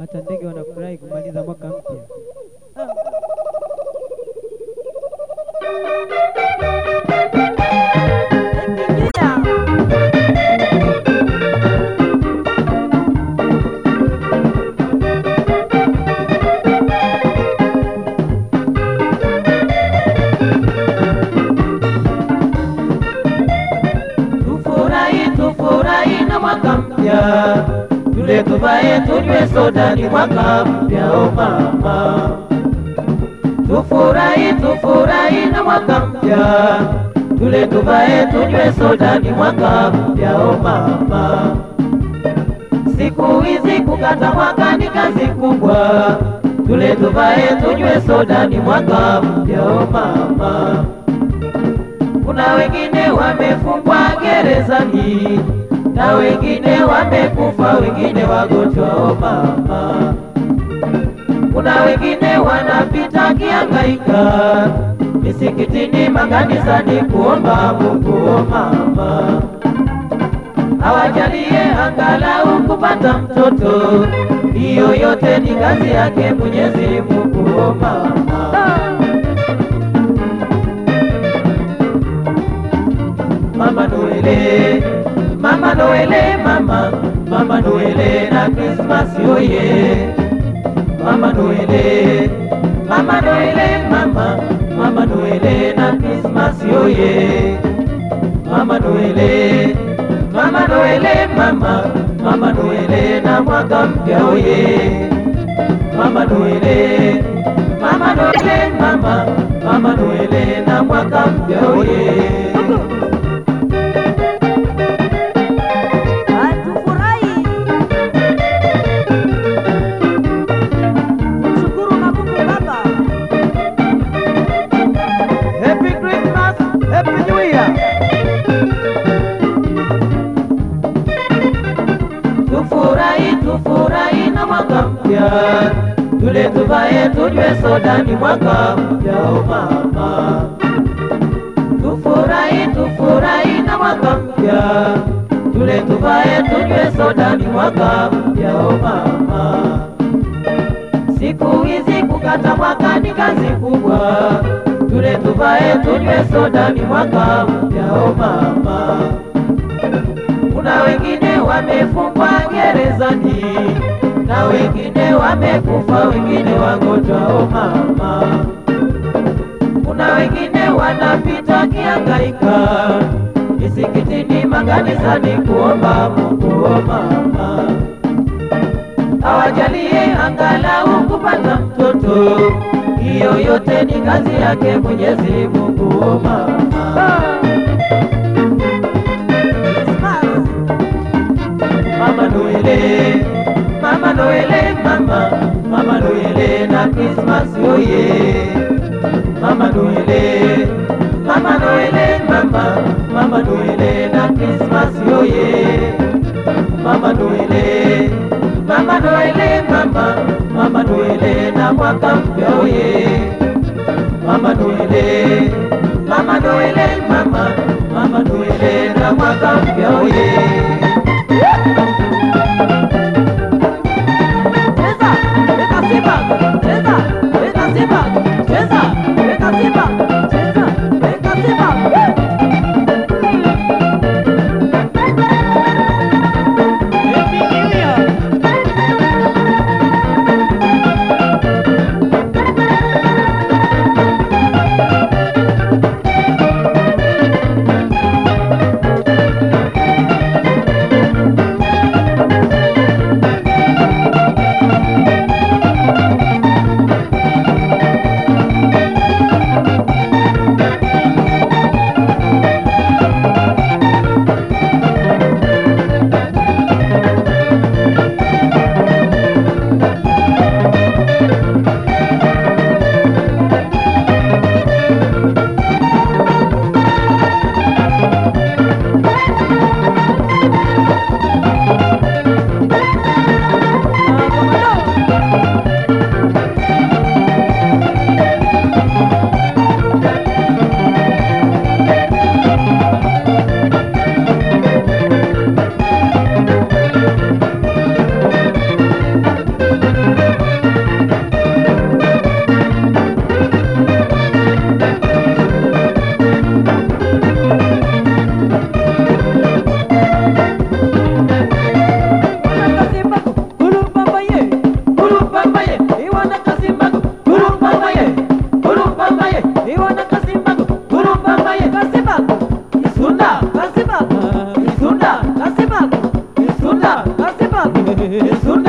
hata ndege wanafurahi kumaliza mwaka mpya. Tufurahi, tule tuvae tunywe soda, ni mwaka mpya o oh mama, tufurahi tufurahi na mwaka mpya, tule tuvae tunywe soda, ni mwaka mpya o oh mama. Siku hizi kukata mwaka ni kazi kubwa, tule tuvae tunywe soda, ni mwaka mpya o oh mama. Kuna wengine wamefungwa gerezani na wengine wamekufa, wengine wagonjwa o mama, kuna wengine wanapita kiangaika misikitini, makanisani kuomba Mungu o mama, awajalie angalau kupata mtoto, hiyo yote ni kazi yake Mwenyezi Mungu o mama. Mama Noele Mama Noele, mama, Mama Noele na Christmas yo ye. Mama Noele, Mama Noele, mama, Mama Noele na Christmas yo ye. Mama Noele, Mama Noele, mama, Mama Noele na mwaka mpya yo ye. Mama Noele, Mama Noele, mama, Mama Noele na mwaka mpya yo ye. tuvae tunywe soda, ni mwaka ujao mama, tufurahi tufurahi na mwaka mpya, tule tuvae tunywe soda, ni mwaka ujao mama. Siku hizi kukata mwaka ni kazi kubwa, tule tuvae tunywe soda, ni mwaka ujao mama. Kuna wengine wamefungwa gerezani na wengine wamekufa, wengine wagonjwa oh mama Kuna wengine wanapita kiangaika misikitini, makanisani kuomba Mungu. O oh mama, awajalie angalau kupata mtoto, hiyo yote ni kazi yake Mwenyezi Mungu. O oh mama Mama Noele Noele mama, mama Noele na Christmas oye. Mama Noele, mama Noele mama, mama Noele na Christmas oye. Mama Noele, mama Noele mama, mama Noele na mwaka mpya oye. Mama Noele, mama Noele mama, mama Noele na mwaka mpya oye. es un